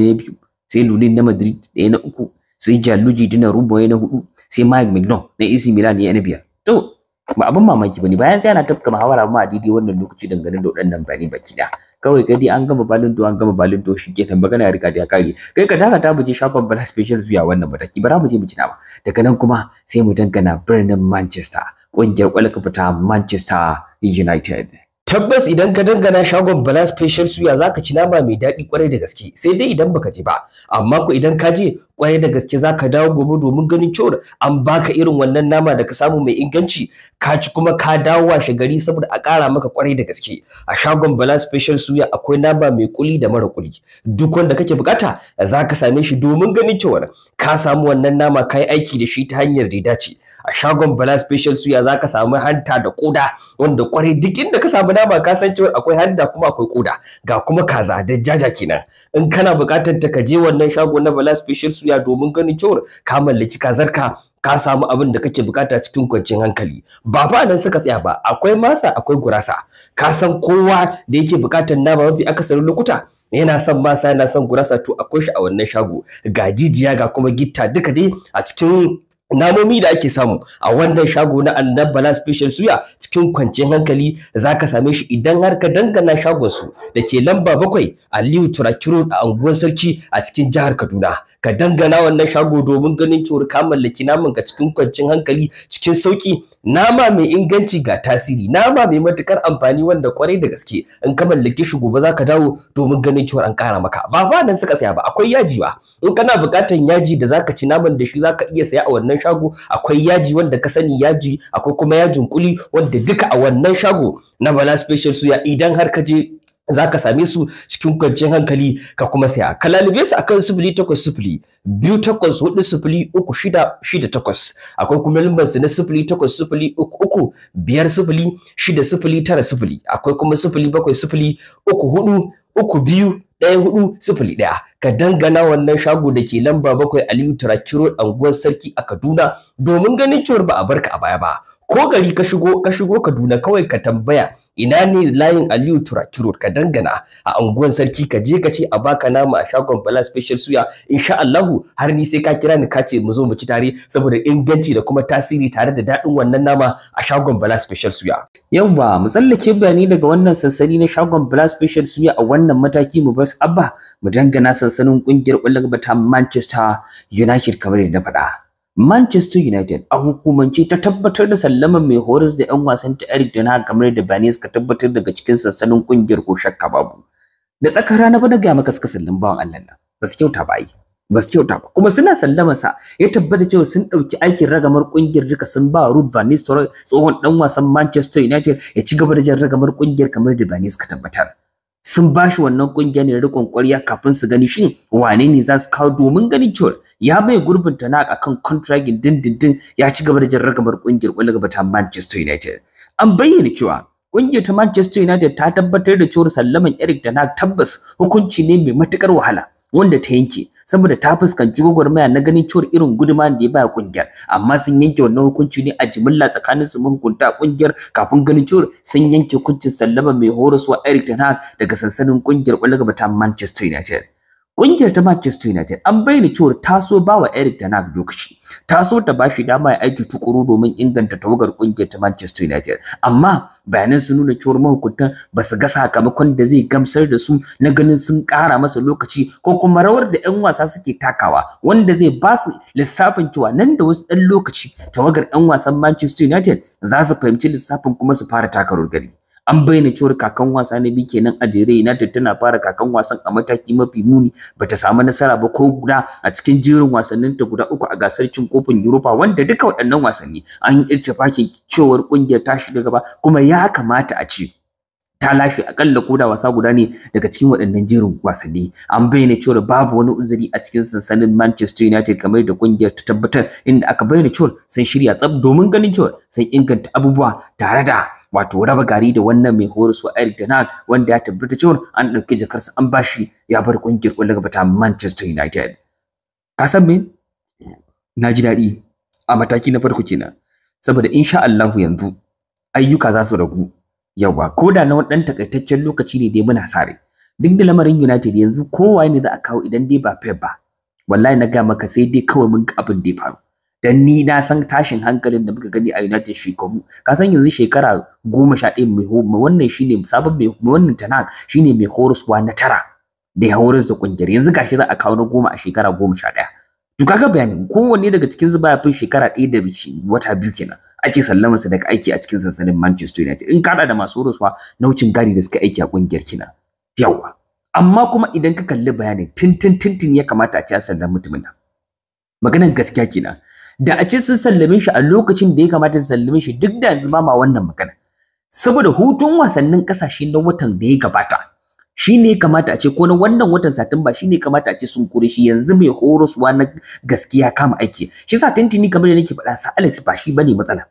sai lulin na Madrid ɗaya na uku sai Gianluigi Donnarumma ya na hudu sai Mike Mignon na AC Milan ya na biyar to ba abin mamaki bane bayan sai ana tafka muhawara amma a daidai wannan lokaci dangane da waɗannan bani baki da kawai kai dai an gama balin to an gama balin to shi kenan magana ya riga ya kare kai ka dakata ta je shafin bala special zuwa wannan mataki bara mu je mu na ba daga nan kuma sai mu dangana birnin Manchester ƙungiyar ƙwallon ta Manchester United Tabbas idan ka dangana shagon Bala Special Suya zaka ci nama mai daɗi kwarai da gaske sai dai idan baka je ba amma ko idan ka je kwarai da gaske za ka dawo gobe domin ganin cewar an baka irin wannan nama da ka samu mai inganci ka ci kuma ka dawo washe gari saboda a ƙara maka kwarai da gaske a shagon bala special suya akwai nama mai kuli da mara kuli duk wanda kake bukata za ka same shi domin ganin cewar ka samu wannan nama ka yi aiki da shi ta hanyar da dace a shagon bala special suya za ka samu hanta da koda wanda kwarai duk inda ka samu nama ka san cewar akwai hanta kuma akwai koda ga kuma kaza da jaja kenan in kana bukatar ta ka je wannan shago na bala special suya suya domin ganin cewar ka mallaki ka kazarka ka samu abin da kake bukata cikin kwanciyar hankali ba ba nan suka tsaya ba akwai masa akwai gurasa ka san kowa da yake bukatar nama mafi akasarin lokuta yana son masa yana son gurasa to akwai shi a wannan shago ga jijiya ga kuma gitta duka dai a cikin namomi da ake samu a wannan shago na Bala special suya cikin kwanciyar hankali za ka same shi idan har ka dangana shagon su da ke lamba bakwai aliyu turaki road a unguwar sarki a cikin jihar kaduna ka dangana wannan shago domin ganin cewar ka mallaki naman ka cikin kwanciyar hankali cikin sauki nama mai inganci ga tasiri nama mai matukar amfani wanda kwarai da gaske in ka mallaki shi gobe za ka dawo domin ganin cewar an kara maka ba ba nan suka tsaya ba akwai yaji ba in kana bukatar yaji da zaka ci naman da shi zaka iya saya a wannan shago akwai yaji wanda ka sani yaji akwai kuma yajin kuli wanda duka a wannan shago na bala special suya idan har ka je za ka same su cikin kwanciyar hankali ka kuma saya ka lalube su akan sifili takwas sifili biyu takwas hudu sifili uku shida shida takwas akwai kuma lambar su na sifili takwas sifili uku uku biyar sifili shida sifili tara sifili akwai kuma sifili bakwai sifili uku hudu uku biyu ɗaya hudu sifili ɗaya ka dangana wannan shago da ke lamba bakwai aliyu turaki road anguwar sarki a kaduna domin ganin cewar ba a barka a baya ba ko gari ka shigo ka shigo kaduna kawai ka tambaya ina ne layin Aliyu Turaki Road ka dangana a unguwar sarki ka je ka ce a baka nama a shagon Bala Special Suya insha Allahu har ni sai ka kira ni ka ce mu zo mu ci tare saboda inganci da kuma tasiri tare da daɗin wannan nama a shagon Bala Special Suya yawwa mu tsallake bayani daga wannan sansani na shagon Bala Special Suya a wannan mataki mu bar abba mu dangana sansanin kungiyar ƙwallon ta Manchester United kamar yadda na faɗa Manchester United a hukumance ta tabbatar da sallaman mai horas da 'yan wasan ta Eric Ten Hag kamar da Banes ka tabbatar daga cikin sassanin kungiyar ko shakka babu. Da tsakar rana ba na ga maka suka sallan bawan Allah nan. Ba su kyauta ba yi. Ba su kyauta ba. Kuma suna sallaman sa ya tabbata cewa sun ɗauki aikin ragamar kungiyar duka sun ba Ruud van Nistelrooy tsohon dan wasan Manchester United ya ci gaba da jan ragamar kungiyar kamar da Banes ka tabbatar. sun ba shi wannan kungiyar ne rikon kwarya kafin su gani shin wane ne za su kawo domin ganin cewa ya bai gurbin ta na contracting kan din dindindin ya ci gaba da jan ragamar kungiyar ƙwallon ta Manchester United. An bayyana cewa kungiyar ta Manchester United ta tabbatar da cewa sallaman Eric Ten Hag tabbas hukunci ne mai matukar wahala wanda ta yanke saboda ta fuskanci gwagwarmaya na ganin cewar irin guduma da ya baya kungiyar amma sun yanke wannan hukunci ne a jimilla tsakanin su mahukunta kungiyar kafin ganin cewar sun yanke hukuncin sallama mai horaswa Eric Ten Hag daga sansanin kungiyar kwallon gaba ta Manchester United Ƙungiyar ta Manchester United an bayyana cewar ta so ba wa Eric Ten Hag lokaci, ta so ta ba dama ya aiki tukuru domin inganta tawagar ƙungiyar ta Manchester United, amma bayanan sun nuna cewar mahukuntan ba su ga sakamakon da zai gamsar da su na ganin sun kara masa lokaci ko kuma rawar da 'yan wasa suke takawa wanda zai ba su lissafin cewa nan da wasu ɗan lokaci tawagar 'yan wasan Manchester United za su fahimci lissafin kuma su fara takarar gari. an bayyana cewar kakan wasa na biyu kenan a jere United tana fara kakan wasan a mataki mafi muni bata samu nasara ba ko guda a cikin jerin wasannin ta guda uku a gasar cin kofin Europa wanda duka waɗannan wasanni an yi fakin cewar kungiyar ta shiga gaba kuma ya kamata a ce. ta lashe akalla ko da wasa guda ne daga cikin waɗannan jerin wasanni an bayyana cewa babu wani uzuri a cikin sansanin Manchester United kamar da kungiyar ta tabbatar inda aka bayyana cewa sun shirya tsab domin ganin cewa sun inganta abubuwa tare da wato raba gari da wannan mai horaswa Eric Ten Hag wanda ya tabbata cewa an ɗauki jakarsa an bashi ya bar kungiyar ƙwallon gaba ta Manchester United ka san me na ji daɗi a mataki na farko kenan saboda insha Allahu yanzu ayyuka za su ragu yawa ko da na dan takaitaccen lokaci ne dai muna sare duk da lamarin United yanzu kowa ne za a kawo idan dai ba Pep ba wallahi na ga maka sai dai kawai mun abin da ya faru dan ni na san tashin hankalin da muka gani a United shekaru ka san yanzu shekara goma sha ɗaya mai wannan shine sabon mai wannan tanak shine mai horoswa na tara da ya horar da kungiyar yanzu gashi za a kawo na goma a shekara goma sha ɗaya to kaga bayanin kowanne daga cikin su baya fin shekara ɗaya da wata biyu kenan ake sallama sa daga aiki a cikin sansanin Manchester United in kada da masu horos na wucin gadi da suka aiki a kungiyar kina yawa amma kuma idan ka kalli bayanin tintin tintin ya kamata a ci sallan mutumin nan maganar gaskiya kenan da a ce sun sallame shi a lokacin da ya kamata su sallame shi duk da yanzu ba ma wannan magana saboda hutun wasannin kasashe na watan da ya gabata shi ne kamata a ce ko na wannan watan satumba shi ne kamata a ce sun kore shi yanzu mai horoswa na gaskiya kama aiki shi sa tintini kamar da nake faɗa sa alex ba shi bane matsala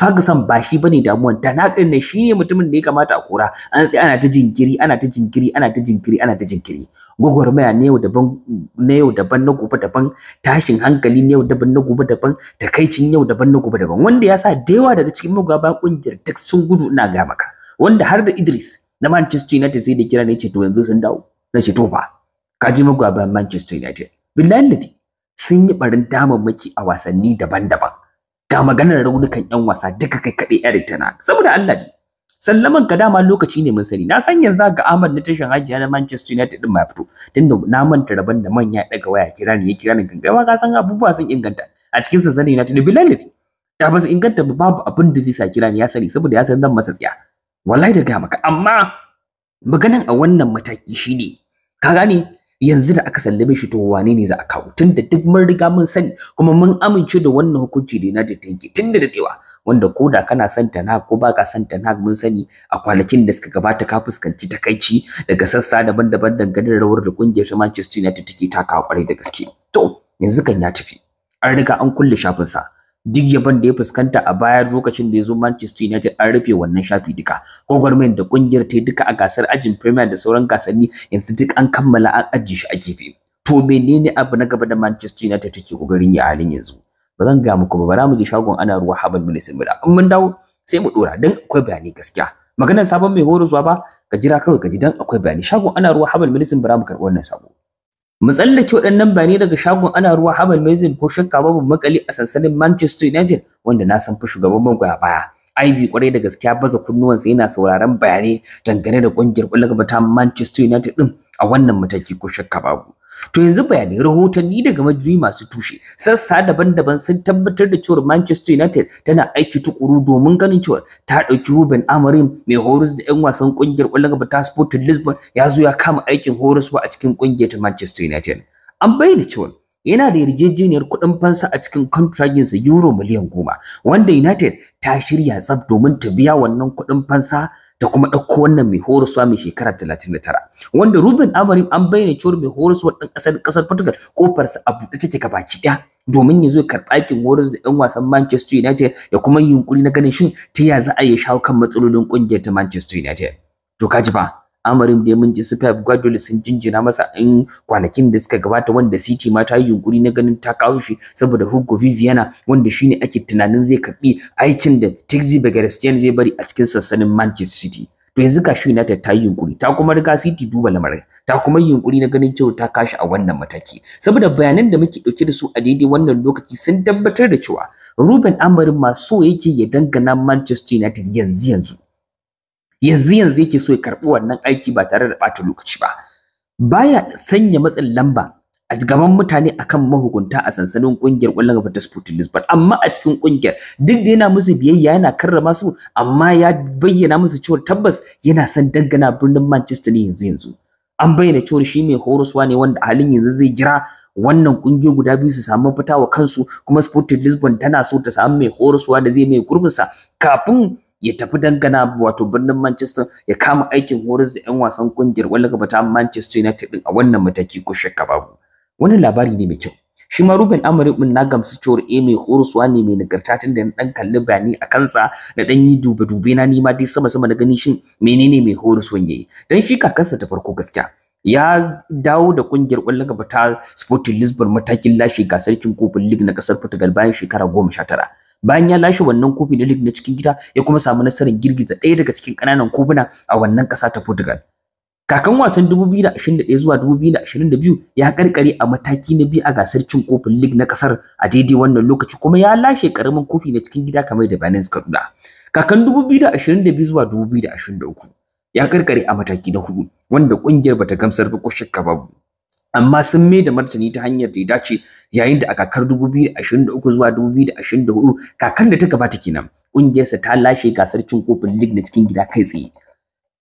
Ferguson ba shi bane damuwan ta na ne shi ne mutumin da ya kamata a kora an sai ana ta jinkiri ana ta jinkiri ana ta jinkiri ana ta jinkiri gwagwarmaya na yau daban na yau daban na gobe daban tashin hankali na yau daban na gobe daban takaicin yau daban na gobe daban wanda ya sa da yawa daga cikin magaba kungiyar duk sun gudu ina ga maka wanda har da Idris na Manchester United sai da kira ne ce to yanzu sun dawo na ce to fa ka ji gaba Manchester United billahi sun yi barin damammaki a wasanni daban-daban ga maganar raunukan yan wasa duka kai kaɗai Eric Tana saboda Allah ne sallaman ka dama lokaci ne mun sani na san yanzu ga Ahmad na tashin hajiya na Manchester United din ma fito tunda na manta rabon da manya daga waya kira ne ya kira ni ba ka san abubuwa sun inganta a cikin na tunda billahi ladi ta ba su inganta ba babu abin da zai sa kira ne ya sani saboda ya san zan masa tsiya wallahi da gaya maka amma maganan a wannan mataki shine ka gane yanzu da aka sallame shi to wane ne za a kawo tunda duk mun riga mun sani kuma mun amince da wannan hukunci da na da tanki tunda da dadewa wanda ko da kana son ta na ko baka son ta na mun sani a kwanakin da suka gabata ka fuskanci takaici daga sassa daban-daban dangane da rawar da kungiyar ta Manchester United take takawa kwarai da gaske to yanzu kan ya tafi an riga an kulle shafin sa duk yaban da ya fuskanta a baya lokacin da ya zo Manchester United an rufe wannan shafi duka gwagwarmayar da kungiyar ta duka a gasar ajin Premier da sauran gasanni yanzu duk an kammala an ajiye shi a gefe to menene abu na gaba da Manchester United take kokarin yi a halin yanzu ba zan ga muku ba bara mu je shagon ana ruwa Habal Milisin mura, in mun dawo sai mu dora dan akwai bayani gaskiya maganar sabon mai zuwa ba ka jira kawai ka ji dan akwai bayani shagon ana ruwa Habal Milisin Mira mu karɓi wannan sabo mu tsallake waɗannan bayanai daga shagon ana ruwa Hamal Mezin ko shakka babu makali a sansanin Manchester United wanda na san fa shugaban magoya baya IB kwarai da gaskiya baza kunnuwan sai yana sauraron bayanai dangane da ƙungiyar kwallon ta Manchester United din a wannan mataki ko shakka babu To yanzu bayanai rahotanni daga majiyoyi masu tushe sassa daban-daban sun tabbatar da cewar Manchester United tana aiki tukuru domin ganin cewar ta ɗauki Ruben Amorim mai horus da 'yan wasan ƙungiyar ƙwallon gaba ta Sporting Lisbon ya zo ya kama aikin ba a cikin ƙungiyar ta Manchester United. An bayyana cewa yana da yarjejeniyar kuɗin fansa a cikin sa euro miliyan goma wanda united ta shirya tsab domin ta biya wannan kuɗin fansa da kuma ɗauko wannan mai horaswa mai shekara talatin da tara, wanda ruben amorim an bayyana cewar mai horaswa ɗan ƙasar ƙasar portugal kofarsa a buɗe take baki ɗaya domin ya zo karɓa aikin horas da 'yan wasan manchester united da kuma yunkuri na ganin shin ta ya za a iya shawo kan matsalolin ƙungiyar ta manchester united to kaji ba amarin da mun ji su Pep Guardiola sun jinjina masa in kwanakin da suka gabata wanda City ma ta yi yunkuri na ganin ta kawo shi saboda Hugo Viviana wanda shine ake tunanin zai karbi aikin da Tixi Begarestion zai bari a cikin sassanin Manchester City to yanzu kashi United ta yi yunkuri ta kuma riga City duba lamarin ta kuma yi yunkuri na ganin cewa ta kashi a wannan mataki saboda bayanan da muke dauke da su a daidai wannan lokaci sun tabbatar da cewa Ruben Amorim ma so yake ya dangana Manchester United yanzu yanzu yanzu yanzu yake so ya karɓi wannan aiki ba tare da ɓata lokaci ba baya sanya matsin lamba a gaban mutane akan mahukunta a sansanin kungiyar ƙwallon gaba ta Sporting Lisbon amma a cikin kungiyar duk da yana musu biyayya yana karrama su amma ya bayyana musu cewa tabbas yana san dangana birnin Manchester ne yanzu yanzu an bayyana cewa shi mai horoswa ne wanda halin yanzu zai jira wannan kungiyoyi guda biyu su samu fita wa kansu kuma Sporting Lisbon tana so ta samu mai horoswa da zai mai gurbinsa kafin ya tafi dangana wato birnin Manchester ya kama aikin horis da 'yan wasan kungiyar wallaka bata Manchester United din a wannan mataki ko shakka babu wani labari ne mai kyau shi ma Ruben Amorim din na gamsu cewar eh mai horuswa ne mai nagarta tun da dan kalli bani a kansa da dan yi dube dube na nima dai sama sama na gani shin menene mai horuswan yayi dan shi kakarsa ta farko gaskiya ya dawo da kungiyar ƙwallon gaba ta Sporting Lisbon matakin lashe gasar cin kofin league na ƙasar Portugal bayan shekara goma sha tara bayan ya lashe wannan kofi na league na cikin gida ya kuma samu nasarar girgiza ɗaya daga cikin ƙananan kofuna a wannan ƙasa ta Portugal kakan wasan 2021 zuwa 2022 ya karkare a mataki na biyu a gasar cin kofin league na kasar a daidai wannan lokaci kuma ya lashe karamin kofi na cikin gida kamar da Binance Kaduna kakan 2022 zuwa 2023 ya karkare a mataki na hudu wanda ƙungiyar bata gamsar ba ko shakka babu amma sun mai da martani ta hanyar da ya dace yayin da a kakar 2023 zuwa 2024 kakar da ta gabata kenan ƙungiyarsa ta lashe gasar cin kofin league na cikin gida kai tsaye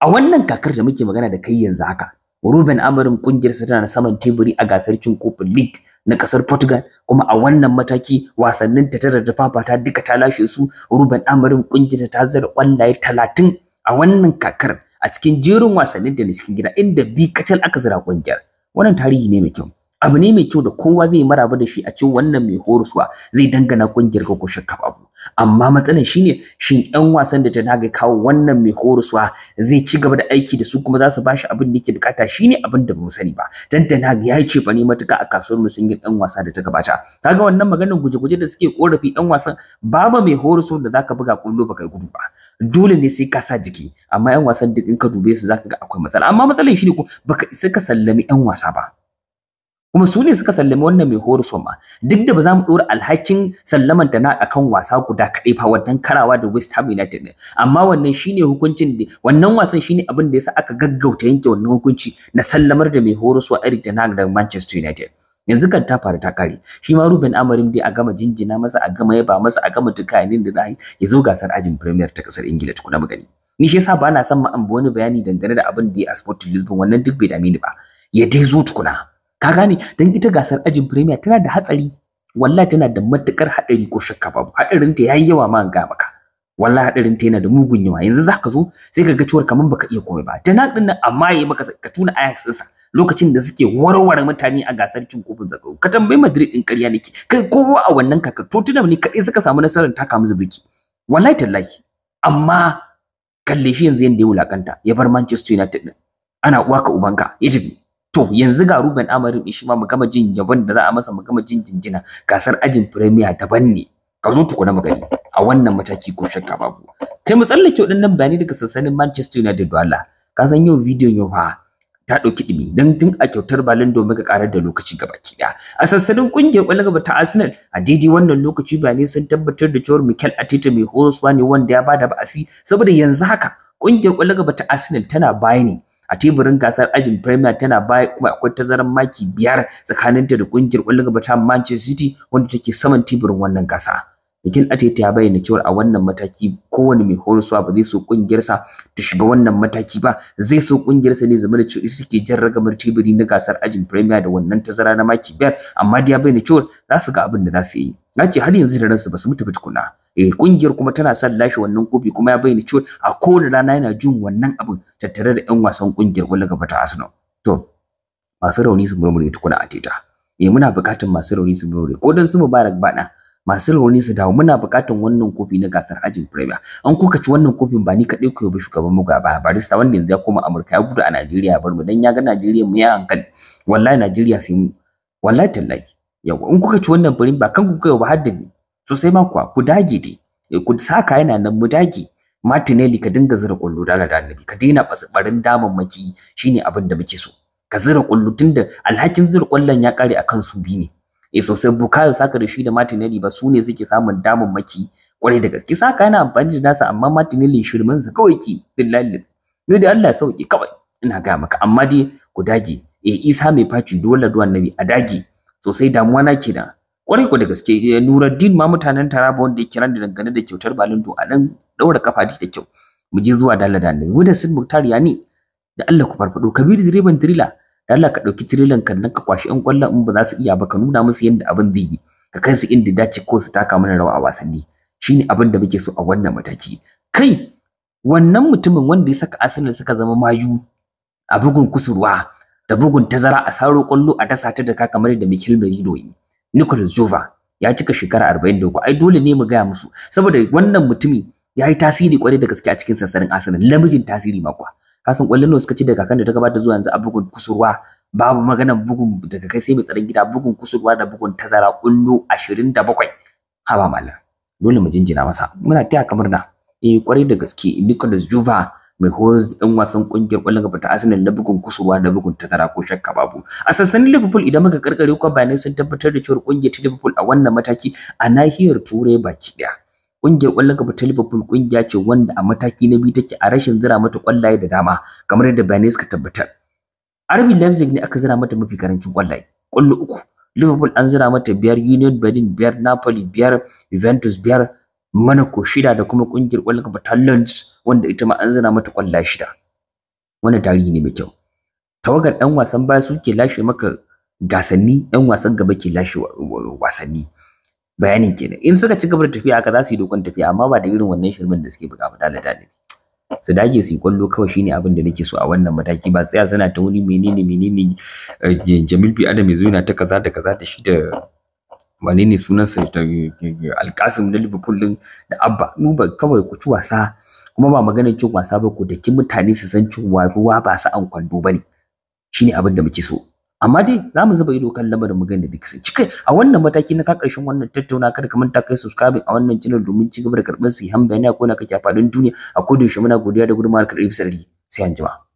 a wannan kakar da muke magana da kai yanzu haka Ruben Amorim ƙungiyarsa tana saman teburi a gasar cin kofin league na ƙasar Portugal kuma a wannan mataki wasannin ta tara da fafata duka ta lashe su Ruben Amorim ƙungiyarsa ta zara kwallaye 30 a wannan kakar a cikin jerin wasannin da na cikin gida inda bi kacal aka zira ƙungiyar wannan tarihi ne mai kyau abu ne mai kyau da kowa zai maraba da shi a cikin wannan mai horuswa zai dangana kungiyar ko shakka abu amma matsalar shine shin yan wasan da ta ga kawo wannan mai horuswa zai ci gaba da aiki da su kuma za su bashi abin da yake bukata shine abin da ba mu sani ba dan Tanaga ya ce fa ne matuka a kasuwar mu sun yi yan wasa da ta gabata kaga wannan maganar guje-guje da suke korafi yan wasan babu mai horuswa da zaka buga kullo baka gudu ba dole ne sai ka sa jiki amma yan wasan duk in ka dube su zaka ga akwai matsala amma matsalar shine ko baka isa ka sallami yan wasa ba kuma su ne suka sallame wannan mai horo ma duk da ba za mu ɗora alhakin sallaman ta na akan wasa guda kaɗai fa wannan karawa da West Ham United ne amma wannan shine hukuncin da wannan wasan shine abin da yasa aka gaggauta yanke wannan hukunci na sallamar da mai so Eric Ten Hag da Manchester United yanzu kan ta faru ta kare shi ma Ruben Amorim dai a gama jinjina masa a gama yaba masa a gama duka dukkanin da za ya zo gasar ajin Premier ta kasar Ingila tukuna magani ni shi yasa ba na son ma an wani bayani dangane da abin da ya a Sporting Lisbon wannan duk bai dami ni ba ya dai zo tukuna ka gane dan ita gasar ajin premier tana da hatsari wallahi tana da matukar hadari ko shakka babu hadarin ta yayi yawa ma ga maka wallahi hadarin ta yana da mugun yawa yanzu ka zo sai ka ga ciwar kaman baka iya komai ba tanak din nan amma yayi maka ka tuna Ajax din lokacin da suke warware mutane a gasar cin kofin zakaru. ka tambayi Madrid din ƙarya nake kai kowa a wannan kaka Tottenham ne kadai suka samu nasarar taka musu biki wallahi tallahi amma kalle shi yanzu yanda ya wulakanta ya bar Manchester United din ana uwa ka ubanka ya to yanzu ga Ruben Amorim shi ma mu gama jin yabon da za a masa mu gama jin jinjina gasar ajin Premier daban ne ka zo tukuna mu gani a wannan mataki ko shakka babu kai mu tsallake nan bayanai daga sansanin Manchester United Allah, ka san yau bidiyon yau fa ta ɗauki ɗumi dan tun a kyautar balin domin ka karar da lokaci gaba ɗaya. A sassanin ƙungiyar ƙwallon gaba ta Arsenal a daidai wannan lokaci bayanai sun tabbatar da cewar Mikel Arteta mai horoswa ne wanda ya bada ba'asi saboda yanzu haka ƙungiyar ƙwallon gaba ta Arsenal tana bayani a teburin gasar ajin Premier tana baya kuma akwai tazarar maki biyar tsakaninta da kungiyar ƙwallon gaba ta Manchester City wanda take saman teburin wannan gasa. Mikel Arteta ya bayyana cewa a wannan mataki kowane mai horaswa ba zai so kungiyarsa ta shiga wannan mataki ba zai so kungiyarsa ne zama da cewa ita take jan ragamar teburi na gasar ajin Premier da wannan tazara na maki biyar amma da ya bayyana cewa za su ga abin da za su yi. Ya ce har yanzu da ransu ba su mutu ba tukuna. eh kungiyar kuma tana son lashe wannan kofi kuma ya bayyana cewa a kowane rana yana jin wannan abin tattare da 'yan wasan kungiyar kwallo gaba ta Arsenal to masu rauni su murmure tukuna a teta e muna buƙatar masu rauni su murmure ko dan su mubarak bana masu rauni su dawo muna buƙatar wannan kofi na gasar ajin premier an kuka ci wannan kofin ba ni kaɗai ku ba shugaban mu ba. barista wanda yanzu ya koma amurka ya gudu a najeriya bar mu dan ya ga najeriya mu ya hankali wallahi najeriya sai mu wallahi tallahi Yau in kuka ci wannan firin ba kan ku kai ba har da sosai ma kuwa ku dage dai eh, ku saka yana nan mu dage Martinelli ka dinga zira kullu da annabi ka daina barin daman maki shine abin da muke so ka zira kullu tunda alhakin zira kullun ya kare akan su bi ne eh sosai Bukayo Saka da shi da Martinelli ba su ne suke samun daman maki kwarai da gaske Saka yana amfani da nasa amma Martinelli shirmin sa kawai ki billahi ne da Allah sauki kawai ina ga maka amma dai ku dage eh Isa mai faci dole duwan nabi a dage sosai damuwa na na. kwarai ko da gaske ya eh, din ma mutanen Taraba wanda yake ran da dangane da kyautar Balindo a nan daura kafa da kyau mu je zuwa dala da mu da Sid Muktar ya ne da Allah ku farfado Kabir direban Trila da Allah ka dauki trilan kan nan ka kwashi yan kwallon in ba za su iya ba ka nuna musu yadda abin zai yi ka kai su inda dace ko su taka mana rawa a wasanni shine abin da muke so a wannan mataki kai wannan mutumin wanda ya saka Arsenal suka zama mayu a bugun kusurwa da bugun tazara a saro kwallo a dasa ta da ka kamar da Mikel Merino yi Nicholas Jova ya cika shekara 43 ai dole ne mu gaya musu saboda wannan mutumi ya yi tasiri kwarai da gaske a cikin sassanin Arsenal lamijin tasiri makwa kasan kwallon suka ci daga kan da ta gabata zuwa yanzu a bugun kusurwa babu magana bugun daga kai sai mai tsaron gida bugun kusurwa da bugun tazara kullu 27 ha ba mallam dole mu jinjina masa muna taya kamar na eh kwarai da gaske Nicholas Juva mai horas ɗan wasan ƙungiyar ƙwallon gaba ta Arsenal na bugun kusurwa da bugun takara ko shakka babu. A sassanin Liverpool idan muka karkare kwa bayanai sun tabbatar da cewa ƙungiyar ta Liverpool a wannan mataki a nahiyar Turai baki ɗaya. Ƙungiyar ƙwallon gaba ta Liverpool ƙungiya ce wanda a mataki na biyu take a rashin zira mata ƙwallaye da dama kamar yadda bayanai suka tabbatar. arbi Leipzig ne aka zira mata mafi karancin ƙwallaye, ƙwallo uku. Liverpool an zira mata biyar, Union Berlin biyar, Napoli biyar, Juventus biyar, Monaco shida da kuma ƙungiyar ƙwallon gaba ta Lens wanda ita ma an zana mata kwalla shida wannan tarihi ne mai kyau tawagar ɗan wasan baya ke lashe maka gasanni ɗan wasan gaba ke lashe wasanni bayanin kenan in suka ci gaba da tafiya haka za su yi dokon tafiya amma ba da irin wannan shirmin da suke buga da dalibi su dage su kwallo kawai shine abin da nake so a wannan mataki ba tsaya suna ta wani menene menene eh, Jamil bi Adam yanzu yana ta kaza da kaza da shi da wane ne sunansa eh, Alkasim na Liverpool din da Abba mu ba kawai ku ci wasa kuma ba maganar cin wasa ba da daki mutane su san cin ruwa ba sa an kwando ba ne shine abin da muke so amma dai za mu zuba ido kan lamarin mu gani da duk sai cikai a wannan mataki na ka karshen wannan tattauna kada ka manta kai subscribe a wannan channel domin ci gaba da karɓar su han bayanai ko na kake a faɗin duniya a kodayaushe muna godiya da gudunmawar karɓi sarari sai anjima